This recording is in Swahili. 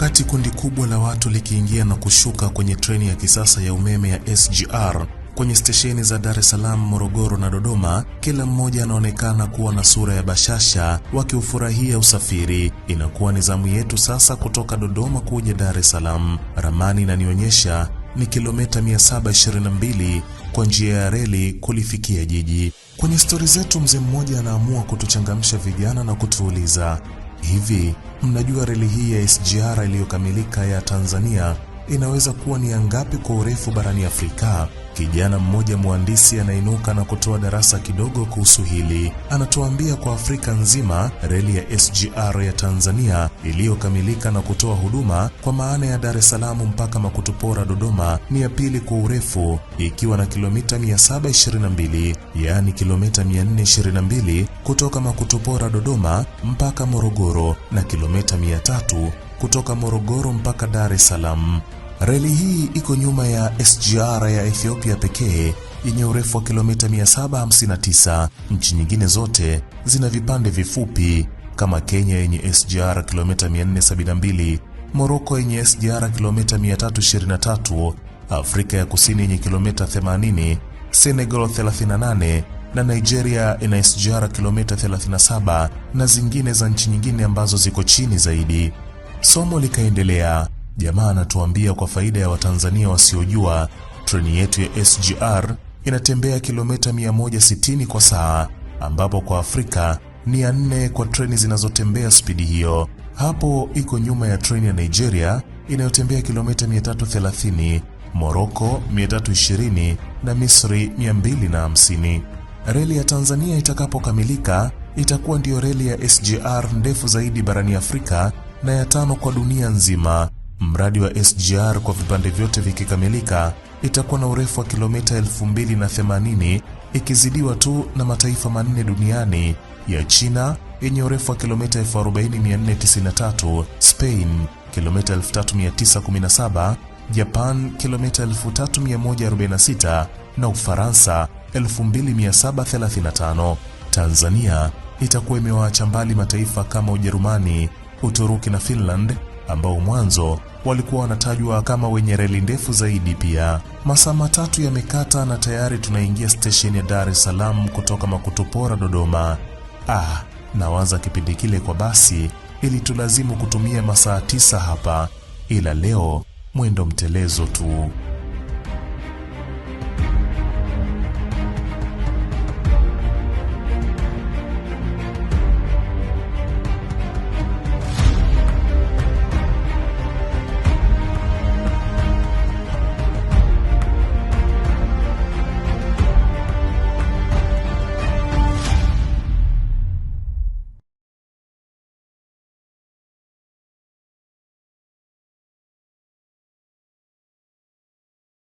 Wakati kundi kubwa la watu likiingia na kushuka kwenye treni ya kisasa ya umeme ya SGR kwenye stesheni za Dar es Salaam, Morogoro na Dodoma, kila mmoja anaonekana kuwa na sura ya bashasha wakiufurahia usafiri. Inakuwa ni zamu yetu sasa kutoka Dodoma kuja Dar es Salaam. Ramani inanionyesha ni kilomita 722 kwa njia ya reli kulifikia jiji. Kwenye stori zetu, mzee mmoja anaamua kutuchangamsha vijana na kutuuliza, hivi Mnajua reli hii ya SGR iliyokamilika ya Tanzania inaweza kuwa ni ya ngapi kwa urefu barani Afrika? Kijana mmoja mhandisi anainuka na kutoa darasa kidogo kuhusu hili. Anatuambia kwa Afrika nzima reli ya SGR ya Tanzania iliyokamilika na kutoa huduma kwa maana ya Dar es Salaam mpaka Makutupora Dodoma ni ya pili kwa urefu ikiwa na kilomita 722, yaani kilomita 422 kutoka Makutupora Dodoma mpaka Morogoro na kilomita 300 kutoka Morogoro mpaka Dar es Salaam. Reli hii iko nyuma ya SGR ya Ethiopia pekee yenye urefu wa kilomita 759. Nchi nyingine zote zina vipande vifupi kama Kenya yenye SGR kilomita 472, Morocco yenye SGR kilomita 323, Afrika ya Kusini yenye kilomita 80, Senegal 38 na Nigeria ina SGR kilomita 37 na zingine za nchi nyingine ambazo ziko chini zaidi. Somo likaendelea Jamaa anatuambia kwa faida ya Watanzania wasiojua, treni yetu ya SGR inatembea kilomita 160 kwa saa, ambapo kwa Afrika ni ya nne kwa treni zinazotembea spidi hiyo. Hapo iko nyuma ya treni ya Nigeria inayotembea kilomita 330, Moroko 320 na Misri 250. Reli ya Tanzania itakapokamilika itakuwa ndiyo reli ya SGR ndefu zaidi barani Afrika na ya tano kwa dunia nzima. Mradi wa SGR kwa vipande vyote vikikamilika, itakuwa na urefu wa kilomita 2080 ikizidiwa tu na mataifa manne duniani ya China yenye urefu wa kilomita 40493, Spain kilomita 3917, Japan kilomita 3146 na Ufaransa 2735. Tanzania itakuwa imewaacha mbali mataifa kama Ujerumani, Uturuki na Finland ambao mwanzo walikuwa wanatajwa kama wenye reli ndefu zaidi. Pia masaa matatu yamekata na tayari tunaingia stesheni ya Dar es Salaam kutoka Makutupora Dodoma. Ah, nawaza kipindi kile kwa basi ili tulazimu kutumia masaa tisa hapa, ila leo mwendo mtelezo tu.